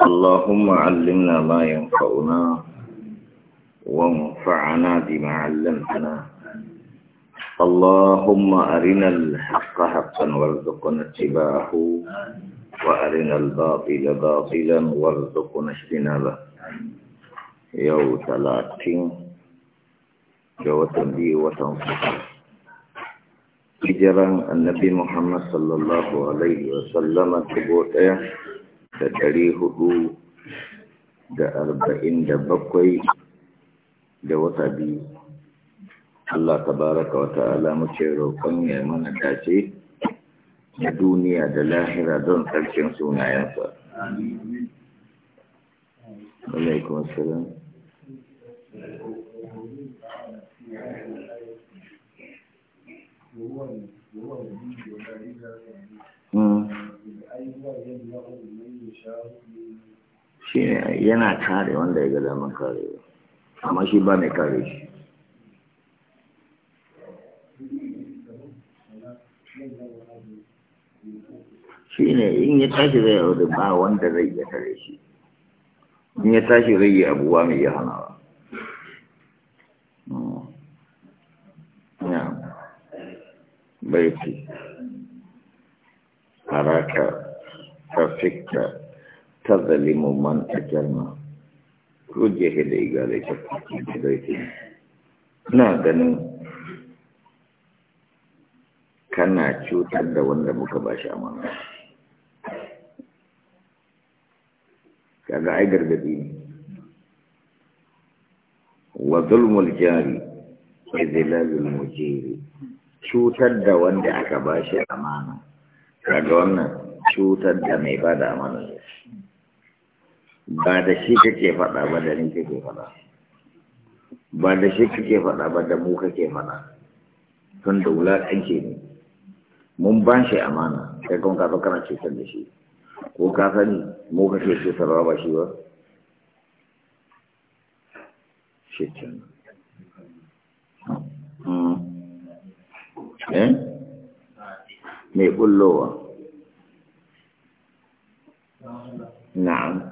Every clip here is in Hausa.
اللهم علمنا ما ينفعنا وانفعنا بما علمتنا اللهم أرنا الحق حقا وارزقنا اتباعه وأرنا الباطل باطلا وارزقنا اجتنابه يوم ثلاثين جوة بي وتنصر هجرا النبي محمد صلى الله عليه وسلم تبوته da ɗari hudu da arba'in da bakwai da wata biyu Allah baraka wata ta'ala muke roƙon ya mana dace na duniya da lahira don ƙarshen sunayensa. Alaikun salam. Mm. shi yana kare wanda ya ga daman kare amma shi ba mai kare shi shi ne in ya tashi zai auri ba wanda zai iya kare shi in ya tashi zai yi abuwa mai ya hana ba baiti haraka tafikta tazalimu man ajalma ko jehe da igala ita da ita na ganin kana cutar da wanda muka ba shi amana kaga ai gargadi ne wa zulmul jari izilalul mujiri cutar da wanda aka ba shi amana kaga wannan cutar da mai bada amana ne ba da shi kake faɗa ba da ni kake faɗa ba da shi kake faɗa ba da mu kake faɗa tun da wulaƙanci ne mun ba shi amana kai kuma ka kana cutar da shi ko ka sani mu kake cutarwa ba shi ba shi kenan hmm. eh mai bullowa na'am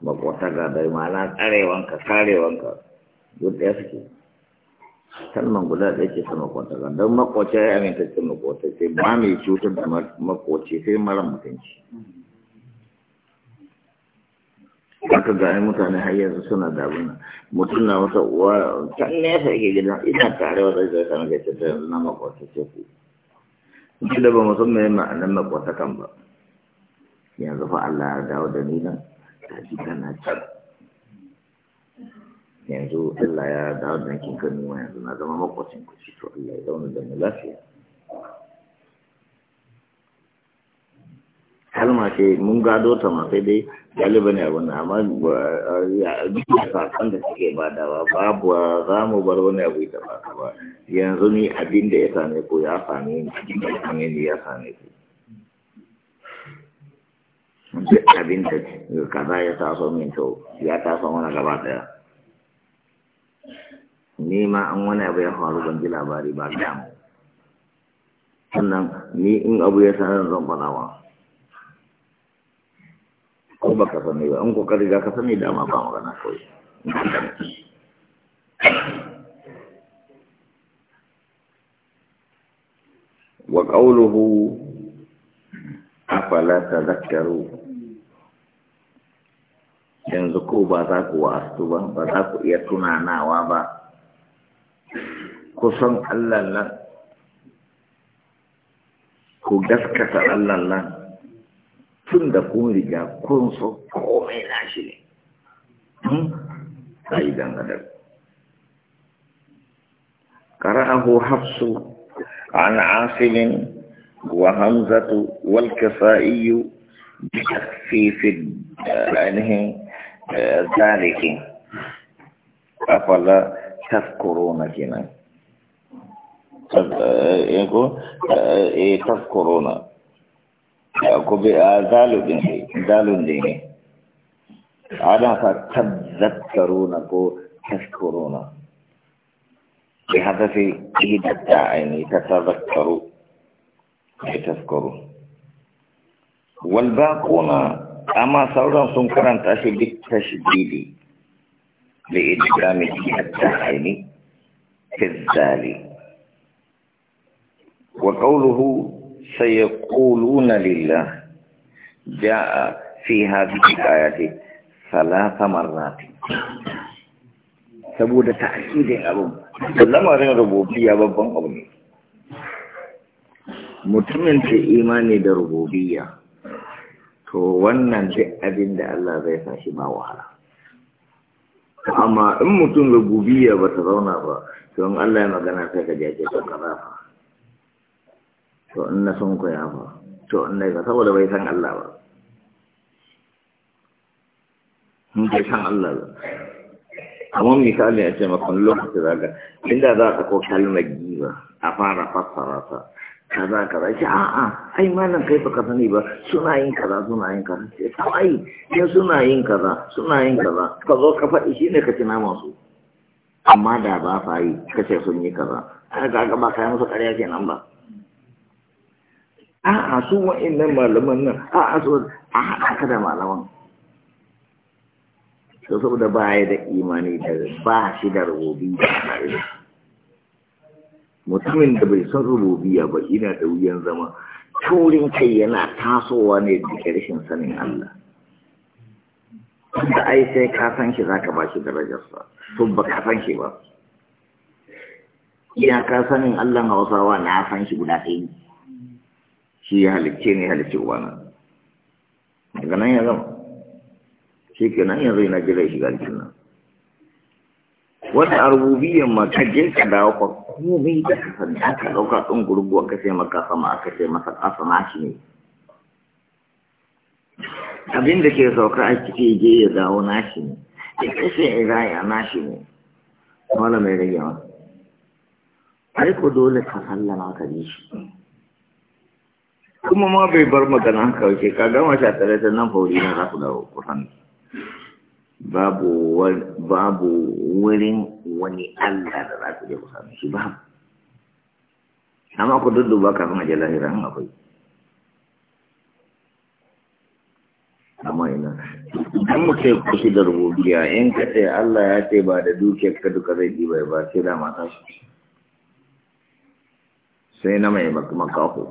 makwata ga bai ma'ana tsarewanka karewanka duk ɗaya suke kalman guda ɗaya ce ta makwata ga don makwace ya aminta ce makwata sai ba mai cutar da makwace sai mara mutunci aka gani mutane har yanzu suna damuna mutum na wata uwa can nesa yake gidan ina tare wata zai sanar da ce ta yanzu na makwata ce ku duk da ba musamman ma'anar makwata kan ba yanzu fa Allah ya dawo da ni nan na can yanzu Allah ya dawo da kin yanzu na zama makwacin ku to Allah ya zauna da mu lafiya ma ce mun gado ta ma sai dai galiba ne bana amma a duk sakon da suke badawa babu za mu bar wani abu da ba yanzu ni abin da ya same ko ya same ni abin da ya same ni ya same duk abin da kaza ya taso min to ya taso mana gaba daya ni ma an wani abu ya faru ban ji labari ba ga mu sannan ni in abu ya sanar zan fadawa ko baka sani ba in kokari ka ka sani dama ba magana kawai wa qawluhu afala ta zakaru yanzu ko ba za ku wasu ba ba za ku iya tunanawa ba kusan allah nan ku gaskata allah nan tun da kun riga kun so komai na shi ne hmm? a yi dangadar ƙara'ahu hafsu an وهمزة والكفائي بتخفيف عنه آه، ذلك أفلا تذكرون كنا آه، آه، إيه، تذكرون ذال ذال دينه على تذكرون بهدف إيد الداعين تتذكرون mai taskoro walba amma sauran sun karanta shi duk tashdidi da idgami hatta aini fizzali wa qawluhu sayaquluna lillah jaa fi hadhihi ayati salasa marrat saboda ta'kidin abun lamarin rububiyya babban abu ne mutumin da imani da rububiyya to wannan duk abin da Allah zai sa shi ba wahala amma in mutum rububiyya ba ta zauna ba to in Allah ya magana sai ka jaje ka kaza fa to in na son koya fa to in na ga saboda bai san Allah ba in bai san Allah ba amma misali a ce makon lokacin zaga inda za ka ko kalmar giba a fara fassara ta kaza kaza ce a'a ai malam kai baka sani ba suna yin kaza suna yin kaza ce ai in suna yin kaza suna yin kaza ka zo ka faɗi shi ne ka ci naman su amma da ba fa yi ka ce sun yi kaza ai ga ba ka yi musu ƙarya nan ba a'a su wa'annan malaman nan a'a su a haɗa ka da malaman to saboda ba ya da imani da ba shi da rubi da mutumin da bai san rububiya ba ina da wuyan zama turin kai yana tasowa ne da rashin sanin Allah da ai sai ka san shi zaka ba shi sa to ba ka san shi ba ina ka sanin Allah wasawa na san shi guda ɗaya shi ya halicce ne halicce uwana daga nan ya zama shi ke nan yanzu yana jira shiga ga nan wata arububiyan ma ka je ka dawo komai da ka sani aka ɗauka ɗin gurgu aka ce maka sama aka ce masa ƙasa na shi ne abin da ke sauka a ciki je ya dawo na shi ne ya kashe iraya na nashi ne wala mai rage masa ai ko dole ka sallama ka ji shi kuma ma bai bar magana kawai ka gama sha tare da nan fauri na za ku dawo kusan babu wurin wani Allah da za ku je ku same shi ba. amma ku dudduba kafin a lahira an akwai amma ina idan mu ce ku da rububiya in ka ce Allah ya ce ba da dukiyar ka duka zai ji bai ba sai da mata shi sai na mai makaho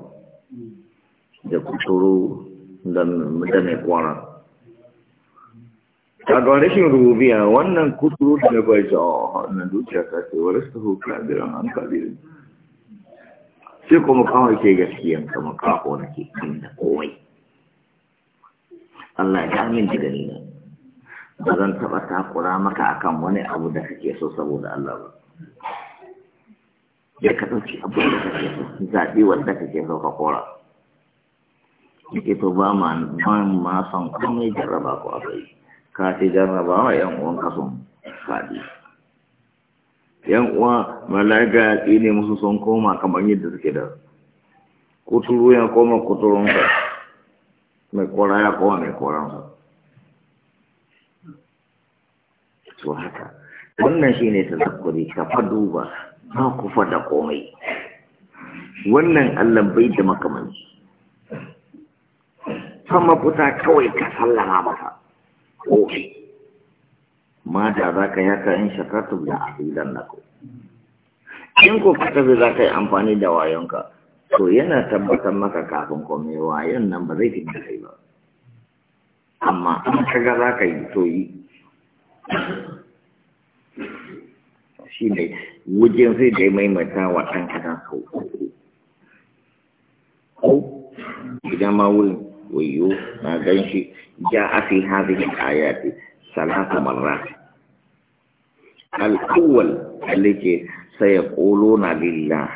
da kuturu da mai kwanan. kaga rashin rubiya wannan kuturu da bai ji wannan dukiya ta ce wa rasu hukun abiran an kabirin sai kuma kawai ke gaskiya kama kawo na ke kan da kowai Allah ya min ji gani na ba zan taɓa takura maka akan wani abu da kake so saboda Allah ba ya ka ɗauki abu da kake so zaɓi wanda kake so ka kora yake to ba ma son komai jarraba ko bai ka ba wa yan uwan kason faɗi yan uwa malaga ya musu son koma kamar yadda suke da kuturu ya koma kuturunsa mai kora ya koma mai koransa su haka wannan shi ne tazakuri ka fa duba ba ku fada komai wannan allah bai da makamanci sama puta kawai ka sallama masa kofi ma da za ka yi haka in shakartu da abidan na ku in kofi ka za ka yi amfani da wayonka to yana tabbatar maka kafin komai wayon nan ba zai fita kai ba amma in ka ga za ka yi to yi shi ne wujen sai da maimaita wa ɗan kadan sau ko idan ma wurin wayo na gan جاء في هذه الآيات ثلاث مرات الأول التي سيقولون لله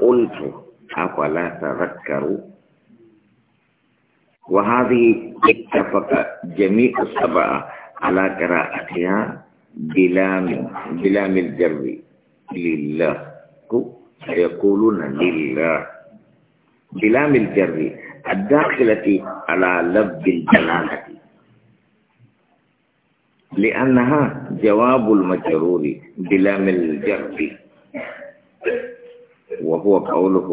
قلت أفلا تذكروا وهذه اتفق جميع السبعة على قراءتها بلام بلام الجر لله سيقولون لله بلام الجر الداخلة على لب الجلالة لأنها جواب المجرور بلام الجر وهو قوله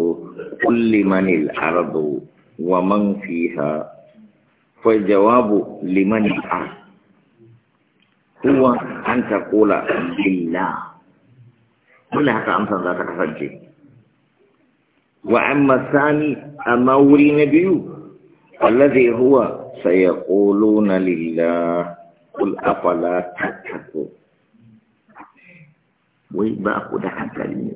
كل من الأرض ومن فيها فالجواب لمن الأرض هو أن تقول بالله كل هذا أمثال ذاتك فجي وأما الثاني أما ولي نبي الذي هو سيقولون لله قل أفلا تتقون ويبقى ده حكالي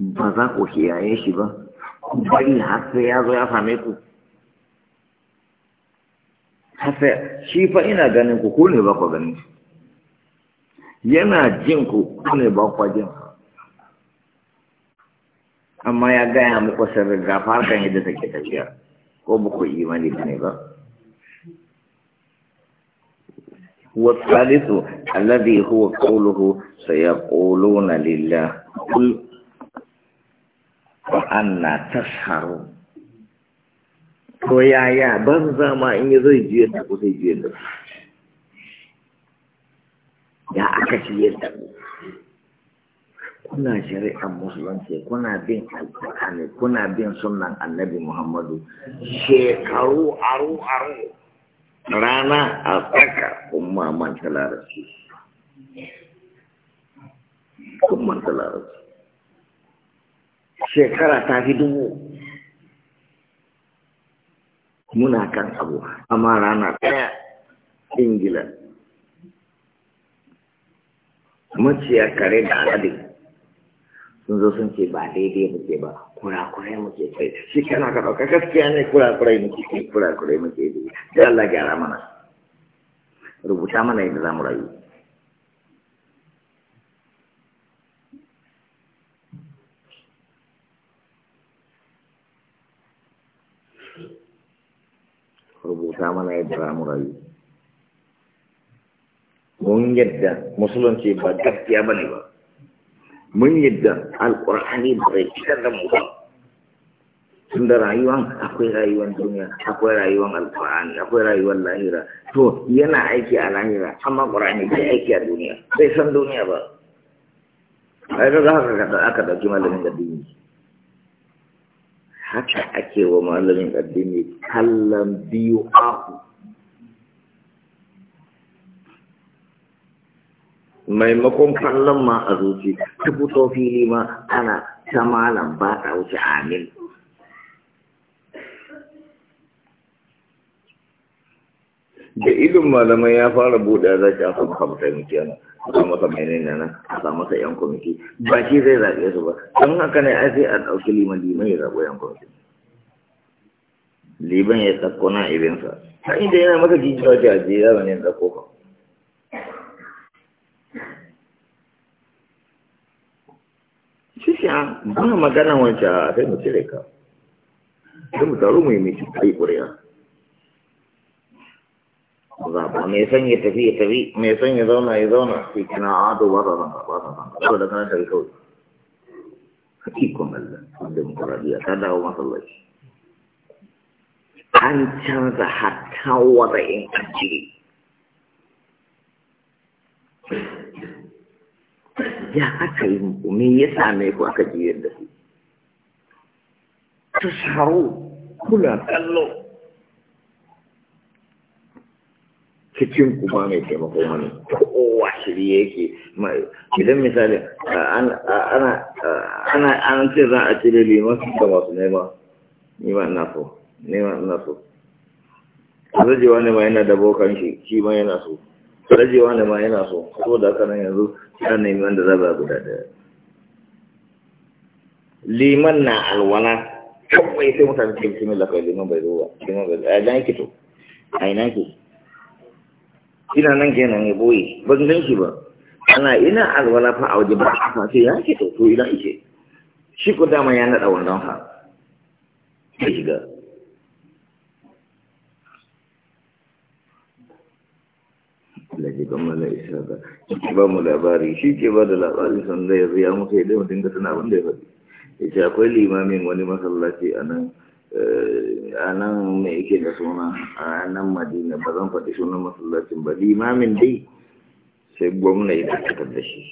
بذاكو كيائي شبا بل حتى يازو يفهمكو حتى شيفا إنا غنينكو كوني باقو غنينكو ينا جنكو كوني باقو جنكو amma ya gaya muku sirrin gafar kan yadda take tafiya ko ba ku imani ba ne ba والثالث الذي هو قوله سيقولون لله قل وأنا تسهرون ويايا بنزا ما إن زي جيت أو زي جيت يا أكشي يتقول kuna shari'ar musulunci kuna bin alƙur'ani kuna bin sunan annabi muhammadu shekaru aru aru rana a tsaka kuma manta larabci kun manta larabci shekara ta fi dubu muna kan abu amma rana ɗaya ingila maciya kare da aladin sun zo sun ce ba daidai muke ba kurakurai muke kai shi kana ka ɗauka gaskiya ne kurakurai muke kai kurakurai muke yi sai Allah gyara mana rubuta mana yadda za mu rayu rubuta mana yadda za mu rayu mun yadda musulunci ba gaskiya ba ne ba mun yadda alƙur'ani bai zai da mu ba tun da rayuwan akwai rayuwan duniya akwai rayuwan alƙur'ani akwai rayuwan lahira to yana aiki a lahira amma ƙur'ani bai aiki a duniya bai san duniya ba ai ga haka aka ɗauki malamin addini haka ake wa malamin addini kallan biyu aku maimakon kallon ma a zuci ta fito fili ma ana ta malam ba ta wuce amin da idon malamai ya fara buɗe za ki asa masa mutane kenan a sa masa mai nina nan a sa masa yan kwamiti ba shi zai zaɓe su ba don haka ne ai sai a ɗauki liman liman ya zaɓo yan kwamiti liban ya tsakko na ibinsa ta inda yana maka jijiya wajen ajiyar ne tsakko ka ce a ba magana wancan sai mu cire ka sai mu taru mu yi mishi kai ƙuri'a zaba mai son ya tafi ya tafi mai son ya zauna ya zauna sai kina ado ah, ba za zanga ba za zanga saboda kana tafi kawai hakikon Allah sun demokuraɗiyya ta dawo masallaci an canza hatta wata in an ya aka yi muku me ya same ku aka jiyar da ku tusharu kuna kallo cikin kuma mai taimako mana kowa shirye yake idan misali ana an ce za a cire liman ga masu nema nema ina so nema ina so rajewa ne ma yana da bokan shi shi ma yana so rajewa ne ma yana so saboda haka nan yanzu ya nemi za zaba guda daya liman na alwala kawai sai mutane ke bismillah kawai liman bai zo ba liman bai zo a jan yake to a ina ke ina nan ke nan ya boye ban gan shi ba ana ina alwala fa a waje ba a fa sai ya ke to to ina ike shi ko dama ya naɗa wannan ha ya shiga Allah ji ga mala isa ba mu labari shi ke ba da labari sanda ya zai ya mutu ya mutum ka tana wanda ya faɗi ya ce akwai limamin wani masallaci a nan eh, a nan mai yake da suna a nan madina ba zan faɗi sunan masallacin ba limamin dai sai gwamna ya dakatar da shi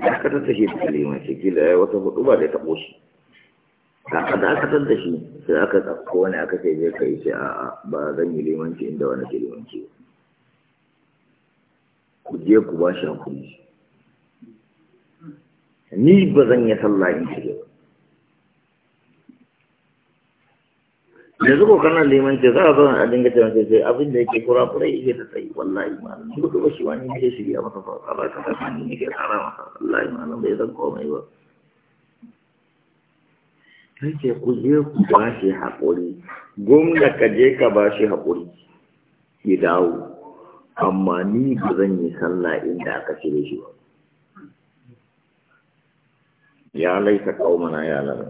dakatar da shi da liman shi kila ya wata hudu ba da taɓo shi aka dakatar da shi sai aka tsakko wani aka sai zai kai shi a ba zan yi limanci inda wani ke limanci ba ku je ku ba shi hakuri ni ba zan yi sallah in shiga ba yanzu ko kana neman ce za a zama a dinga cewa sai abin da yake kura yake ta tsayi wallahi malam duk da shi wani ne shirya masa fara ba ka saka ni ne ke tsara masa wallahi malam bai zan komai ba kace ku je ku ba shi haƙuri gwamna ka je ka ba shi haƙuri ya dawo amma ni ba zan yi sallah inda aka cire shi ba ya laita kaumana ya lara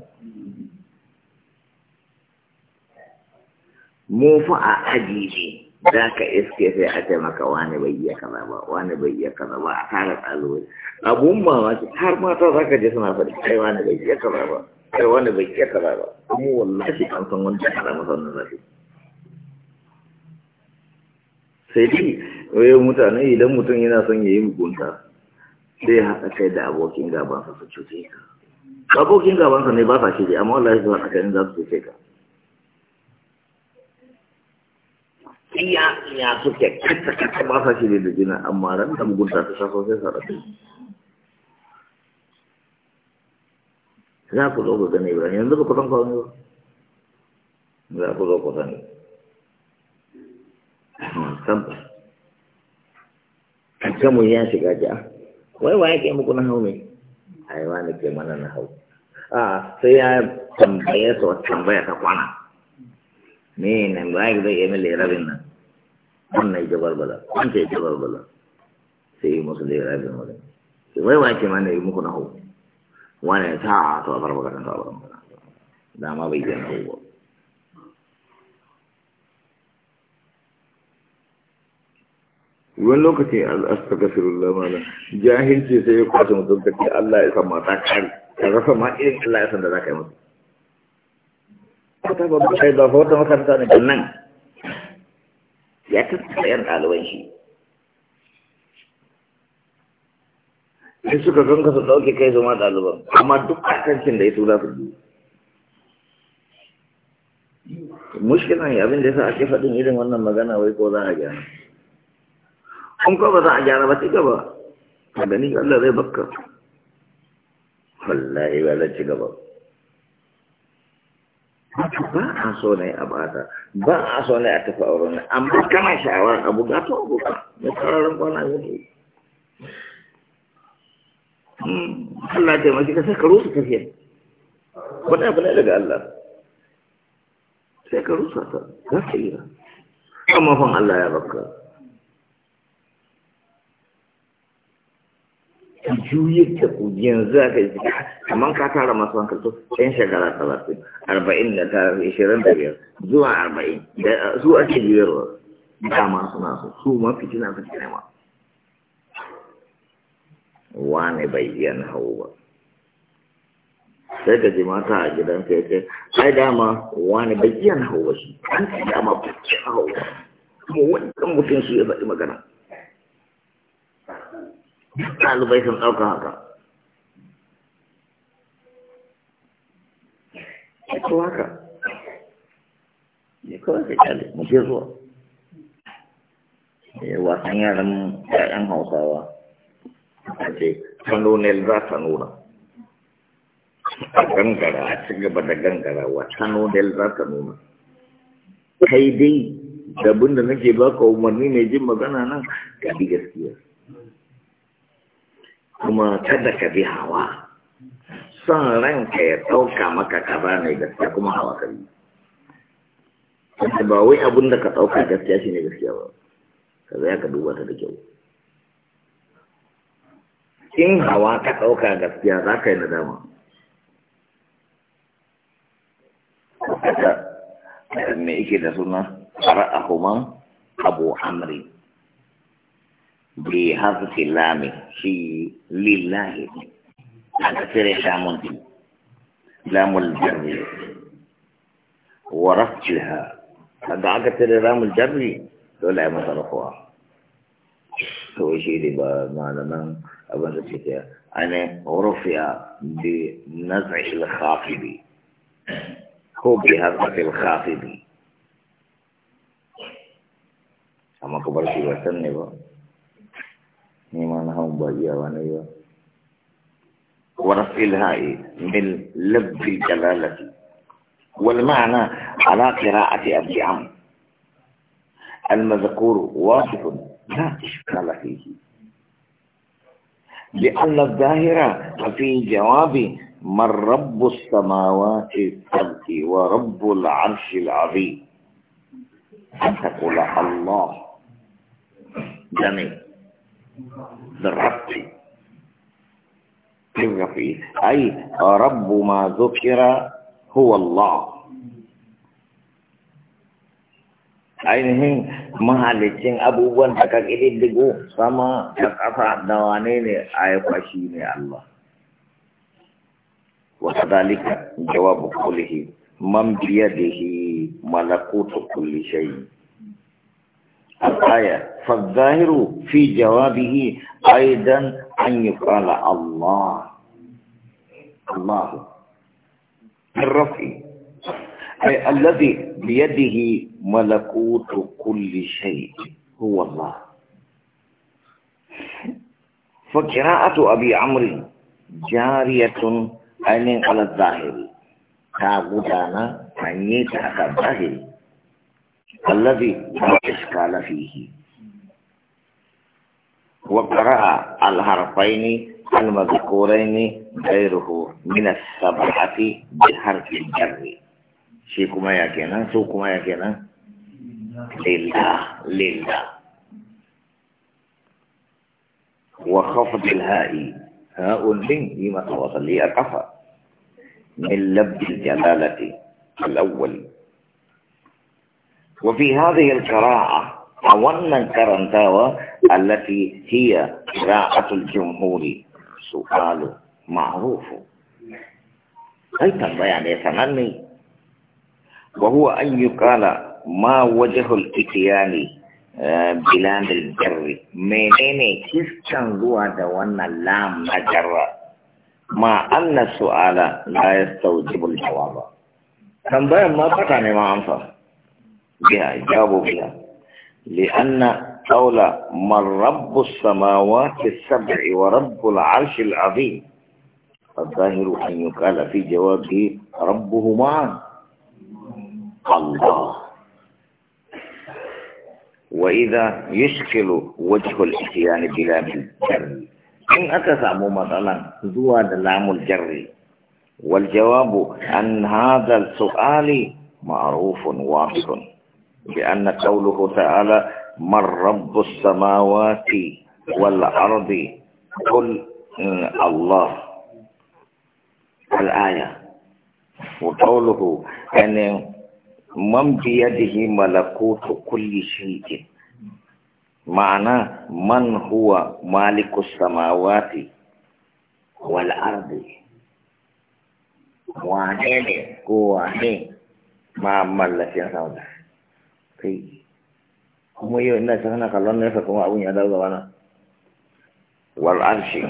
mu fa a aji ne za ka iske sai a taimaka wani bai iya kaza ba wani bai iya kaza ba a tara ɗalibai abun mamaki har mata za ka je suna faɗi kai wani bai iya kaza ba kai wani bai iya kaza ba mu wallahi an san wanda ya kaza masa wannan zafi sai dai wayo mutane idan mutum yana son yayi yi mugunta sai haɗa kai da abokin gabansa su cuce ka abokin gabansa ne ba sa shi amma wallahi su haɗa kai za su cuce ka iya ya suke kata kata ba sa shirya da jina amma ran da mugunta ta sa sosai sa rafi za ku zo ku gani ibrahim yanzu ba kusan kawo kawai ba za ku zo ku sani hmm. tabbas kamu ya shiga ja wai waye ke muku na hau ne ai wani ke mana na hau a sai ya tambaye to tambaya ta kwana ne ne ba ya zai yi mele rabin nan wannan ya barbala wanda ya barbala sai yi musu da rabin wani wai wai ke mana yi muku na hau wani ta a to a barbala ta barbala dama bai yi na hau ba wani lokaci astagfirullah lamana jahilci sai ya kwace mutum ta ke Allah ya san mata kare ka rasa ma irin Allah ya san da za ka yi musu ta babu kai ba wata makaranta ne nan ya tattara yan ɗaliban shi sai suka ganka su ɗauke kai su ma ɗaliban amma duk kakancin da ya tura su biyu mushkilan yabin da ya sa ake faɗin irin wannan magana wai ko za a gyara in ko ba za a gyara ba ci gaba a ganin Allah zai baka. wallahi ba zai ci gaba ba a so ne a bata ba a so ne a tafi auren amma kana sha'awar abu ga to abu ba da kararin kwana yake Allah ta mace ka sai ka rusa tafiya wani abu ne daga Allah sai karu rusa ta za ta yi amma fan Allah ya baka ka ta ku yanzu aka yi kamar ka tara masu hankali ɗan shekara talatin arba'in da ta ishirin da biyar zuwa arba'in da su ake juyarwa dama suna so su ma fitina su ke nema wani bai iya na hau ba sai ka ji mata a gidan kai kai ai dama wani bai iya na hau ba shi an ce dama bai iya hau ba kuma wani kan mutum su ya faɗi magana duk ɗalibai sun ɗauka haka ko haka ne kawai ka kyale muke zuwa wasan yaran ƴaƴan hausawa a ce kanonel za ta nuna a gangara a ci gaba da gangara wa kanonel za ta nuna kai dai da abinda nake baka umarni mai jin magana nan ka bi gaskiya kuma kada ka bi hawa son ranka ya ɗauka maka kaza ne gaskiya kuma hawa ka bi wanda ba wai abin da ka ɗauka gaskiya shi ne gaskiya ba ka zai ka duba ta da kyau in hawa ka ɗauka gaskiya za ka yi nadama me yake da suna fara'ahuma abu amri بحذف اللام في لله هذا سر لام لام الجر ورفعها هذا عقد لام الجر ولا مصرفها هو شيء ما معلما أبدا كده أنا رفع بنزع الخافض هو بهذا الخافض أما كبر شيء وسنة بقى neman hawan ba iyawa na yi ba الهاء من لب الجلالة والمعنى على قراءة أبي عمرو المذكور واضح لا إشكال فيه لأن الظاهرة في جواب من رب السماوات السبع ورب العرش العظيم أن تقول الله جميل بالرب في Rabbu ma ما ذكر هو الله ainihin mahalicin abubuwan da ka ƙididdigo sama da ƙasa da wane ai a ne Allah. Wata dalika jawabu kulihi man da malakutu kulli shayi. الآية فالظاهر في جوابه أيضا أن يقال الله الله الرفع أي الذي بيده ملكوت كل شيء هو الله فقراءة أبي عمرو جارية أين على الظاهر تعبدانا أن يتعب الظاهر الذي لا إشكال فيه وقرأ الحرفين المذكورين غيره من السبعة بحرف الجر شيكما يا كينا سوكما يا كينا لله لله وخفض الهاء هاء البن لما توصل لي القفا من لب الجلالة الأول وفي هذه القراءة أولا كرنتاوة التي هي قراءة الجمهور سؤال معروف أي يعني تنبيع يتمني وهو أن يقال ما وجه الإتيان آه، بلاد الجر منين كيف زوا ده wannan lam na jarra ma anna su'ala la yastawjibu al-jawab ما ma بها جابوا بها لأن قول من رب السماوات السبع ورب العرش العظيم الظاهر أن يقال في جوابه ربهما الله وإذا يشكل وجه الإتيان بلام الجر إن أتسع مثلا زواد لام الجر والجواب عن هذا السؤال معروف واضح بأن قوله تعالى من رب السماوات والأرض قل الله الآية وقوله أن من بيده ملكوت كل شيء معنى من هو مالك السماوات والأرض وعنين هو عنين ما ملك يا سوداء kai kuma yau ina ta hana kallon nesa kuma abin ya dawo gabana wal arshi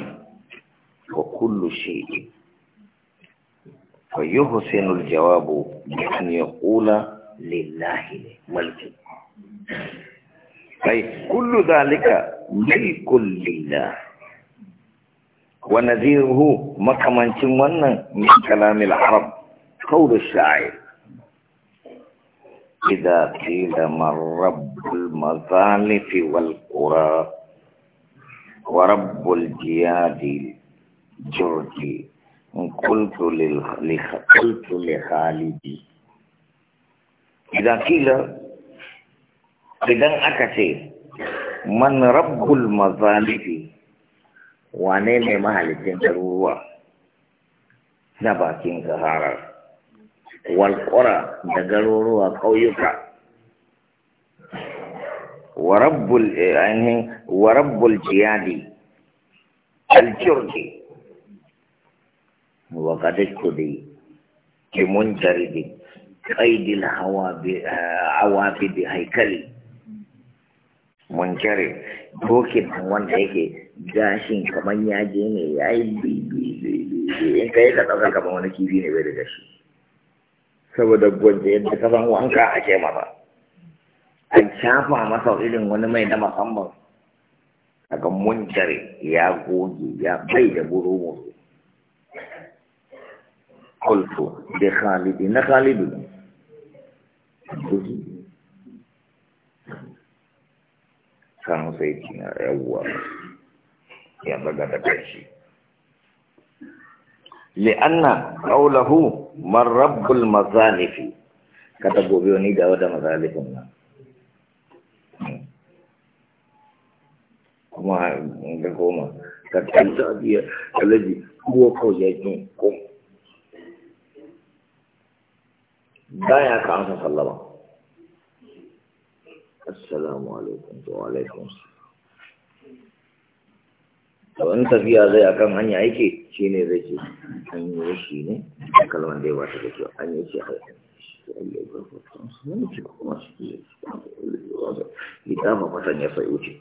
wa kullu shay'in fa yuhsinu al jawabu bi an yaqula lillahi mulki ay kullu dhalika milkul lillah wa nadhiruhu makamancin wannan min kalamil arab qawlu shair إذا قيل من رب المظالف والقرى ورب الجياد جرجي قلت قلت لخالدي إذا قيل إذا أكثر من رب المظالف وأنا ne mahalicin garuruwa na زهارة walƙura da garuruwa ƙauyuka warabbul jiyadi aljirgi wa kadikku dai kimun jaridin ƙaidil awafi da haikali munkari dokin wanda yake gashin kamar yaje ne ya yi bibi in ka yi ka ɗaukar kamar wani kifi ne bai da gashi saboda gwaje yadda ka san wanka ake masa a shafa masa irin wani mai na musamman daga munjare ya goge ya bai da buru kultu da khalidi na khalidu sanu sai kina yawwa ya baga da kai لأن قوله من رب المظالف kata Bu Bioni da wada mazalif na kuma ga goma ka tanta biya alaji kuwa ko yaji ko da ya ka amsa sallama assalamu alaikum wa alaikum assalam Wani tafiya zai akan hanya yake shi ne zai ce an yi shi ne kalmar da ya wata da kyau an yi shi a ita ma matan ya sai wuce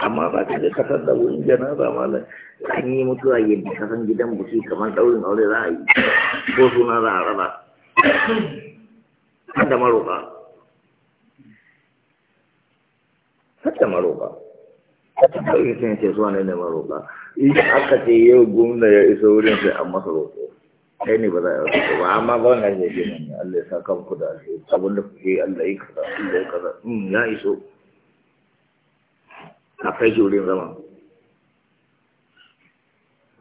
amma ba ta da kasar da wurin jana ma malam an yi mutuwa yadda kasan gidan buki kamar daurin aure za a yi ko suna za a raba hadda maroƙa hadda maroƙa kawai cin ce suwa ne neman roƙa in aka ce yau gwamna ya iso wurin sai an masa roƙo kai ne ba za a yi roƙo ba amma ba wannan zai gina ne Allah ya sa kanku da alheri abin da kuke Allah ya kaza Allah ya kaza in mm, ya iso a kai shi wurin zama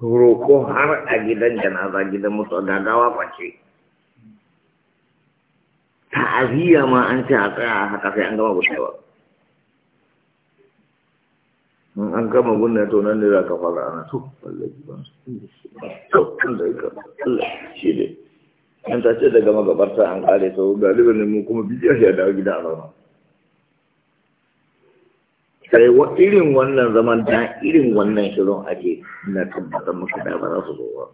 roƙo har a gidan janaza gidan mutuwa gagawa kwace ta'aziyya ma an ce a tsaya haka sai an gama gushewa in an gama gunna to nan ne za ka fara ana to wallahi ba to ka Allah shi ne an ta ce daga magabarta an kare to galibin mu kuma bidiya ya dawo gida a rana sai wa irin wannan zaman da irin wannan shirin ake na tabbata muka da ba za su zo ba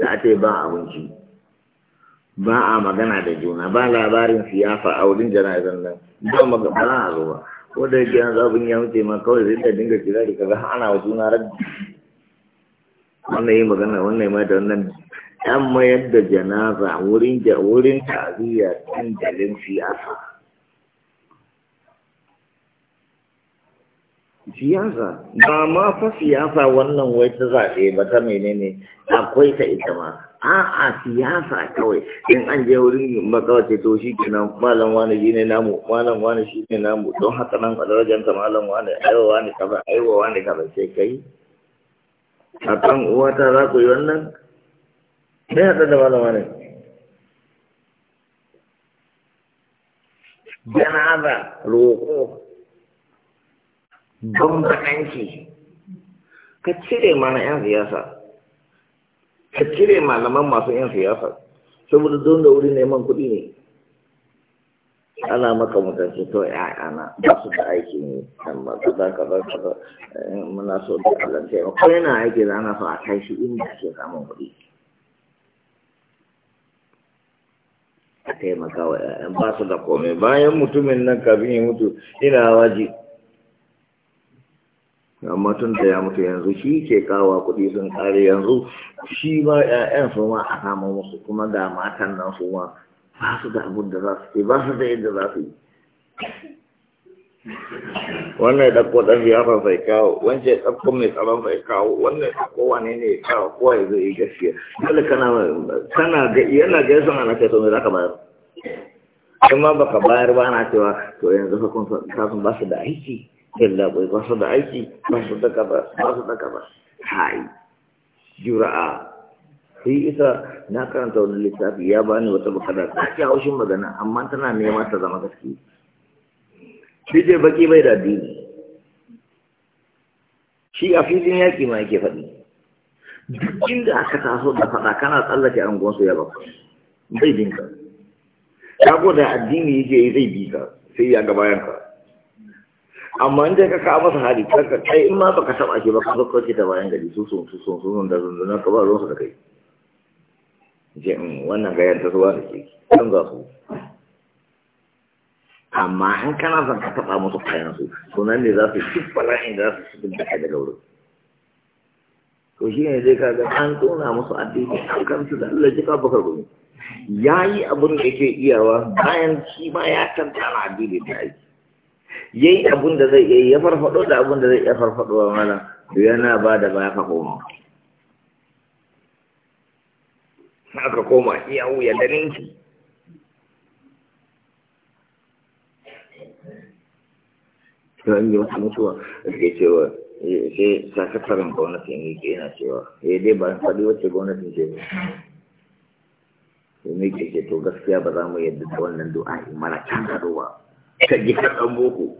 da ake ba abinci ba a magana da juna ba labarin siyasa a wurin jana'izan nan ba magana ba a zo ba ko da yake yanzu abin ya wuce ma kawai zai da dinga kira da kaga ana wa juna rabbi wannan yi magana wannan ma da wannan an mayar da janaza wurin da wurin ta'aziyya kan dalin siyasa siyasa ba ma fa siyasa wannan wai ta zaɓe ba ta menene akwai ta ita ma a'a siyasa kawai in an je wurin makawace to shi kenan malam wani shi ne namu malam wani shi ne namu don haka nan a ta, malam wani aiwa wani kaza aiwa wani kaza sai kai a kan uwata za ku yi wannan sai haɗa da malam wani janaza roƙo bambaɗanci ka cire mana 'yan siyasa ka cire malaman masu yin siyasa saboda don da wuri neman kuɗi ne ana maka mutunci to ya'yana ba su da aiki ne amma kaza kaza kaza eh, muna so da kalan taimako ko yana aiki da ana so a kai shi inda ake samun kuɗi a taimaka wa 'ya'yan ba su da komai bayan mutumin nan kafin ya mutu ina wajibi amma tun da ya mutu yanzu shi ke kawa kuɗi sun kare yanzu shi ma 'ya'yan su ma a samu musu kuma ga matan nan su ma ba su da abin da za su yi, ba su da yadda za su yi wannan ya ɗauko ɗan ziyarar zai kawo wancan ya ɗauko mai tsaron zai kawo wannan ya ɗauko wane ne ya kawo kowa ya zai gaskiya dole kana kana ga yana ga yasan ana kai to me za ka bayar in ma baka bayar ba na cewa to yanzu ka kun kasan ba su da aiki illa bai ba su da aiki ba su da gaba ba su da gaba hai jura'a sai isa na karanta wani littafi ya bani wata bukata ta ke haushin magana amma tana nema ta zama gaske shi ce baki bai da dini shi a filin yaƙi ma yake faɗi duk inda aka taso da faɗa kana tsallake gonsu ya bakwai bai dinka ka da addini yake zai bi ka sai ya ga bayan amma inda ka kawo masa hari kanka kai in ma baka saba shi ba ka zo kauce ta bayan gari su sun su sun sun da zunzunan ka ba ruwan su da kai je in mm, wannan gayan ta zuwa da ke kan za su amma in kana son ka taba musu kayan su sunan ne za su ci bala'in da za su ci da kai daga wurin to shi ne zai kaga an tsona musu addini an kansu da Allah ji ka bakar gumi ya yi abin da yake iyawa bayan shi ma ya tantana addini ta aiki yayi abun da zai yi ya farfado da abun da zai iya farfado wa malam yana ba da baya ka koma aka koma iya ya da ninki to yi wasu mutuwa a ke cewa sai sakatarin gwamnatin yake yana cewa ya eh, dai ba faɗi wacce gwamnatin ce ba sai mai ke to gaskiya ba za mu yadda da wannan du'a mana mara can ba ka ji kaɗan boko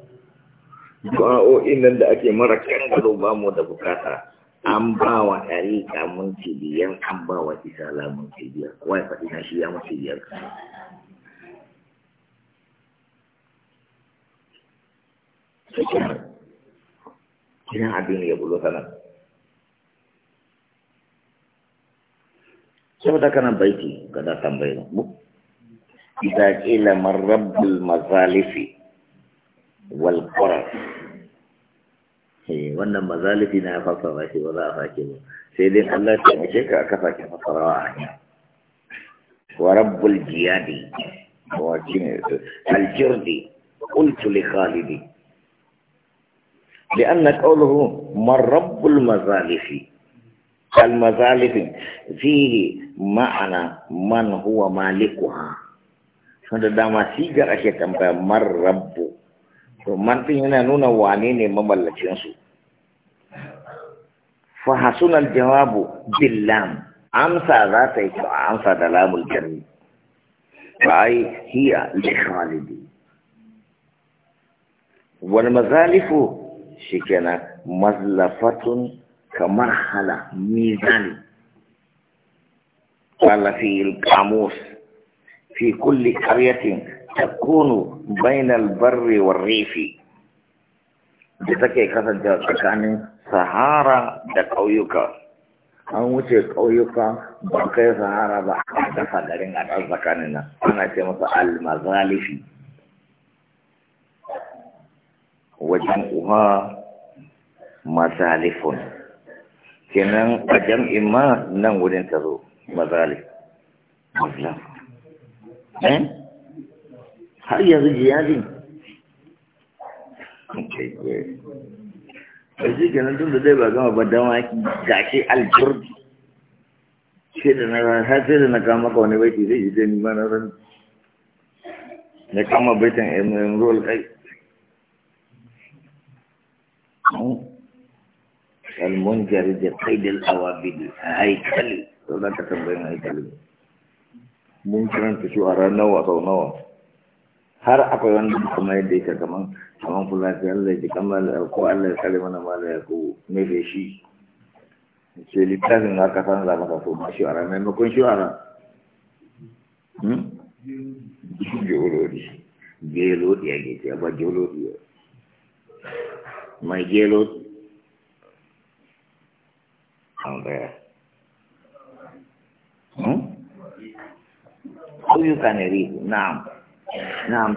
ba'o'in nan da ake mara kangaro ba mu da bukata an ba wa ɗari kamun cibiyar an ba wa isa lamun cibiyar wai faɗi na shi ya mu cibiyar Ina abin ya bulo sana. Sau da kanan baiti, kada tambayi ba. إذا قيل من رب المظالف والقرر إيه، وأن المظالف لا فصل لك ولا فاكم سيدنا الله تعالى كفى كفى فصل ورب الجياد الجرد قلت لخالدي لأن قوله من رب المظالف المظالف فيه معنى من هو مالكها da dama sigar ake tambaya mar rabbu to man yana nuna wane ne mamallacin su fa hasunal jawabu billam amsa za ta yi to amsa da lamul jarri ai hiya li khalidi wal mazalifu shikenan mazlafatun kamar hala mizani qala fi al qamus fi kulli ƙaryatin ta kunu bainal barri wa rifi da take kasance tsakanin sahara da ƙauyuka an wuce ƙauyuka ba kai sahara ba a ƙasa garin a ɗan tsakanin nan ana ce masa almazalifi wajen uha mazalifun kenan a jam'in nan wurin tazo mazalif eh har yanzu jiyadin a shi tun da zai ba gama ba dama gashi aljurdi sai na sai da na kama ka wani baiti zai yi da ni ma na ran na kama baitin emirul ruwal kai المنجر بقيد الأوابد هيكلي ولا تتبين هيكلي mun karanta shi a ran nawa sau nawa har akwai wanda kuma yadda yake kaman kaman kula ta Allah ya kamar ko Allah ya kare mana mala ya ko me da shi ce littafin aka san za maka so ma shi a ran maimakon shi a ran hmm? geolodi geolodi ya ke ce ba geolodi mai geolodi an tsaya hmm? huyu kaneriu naam naam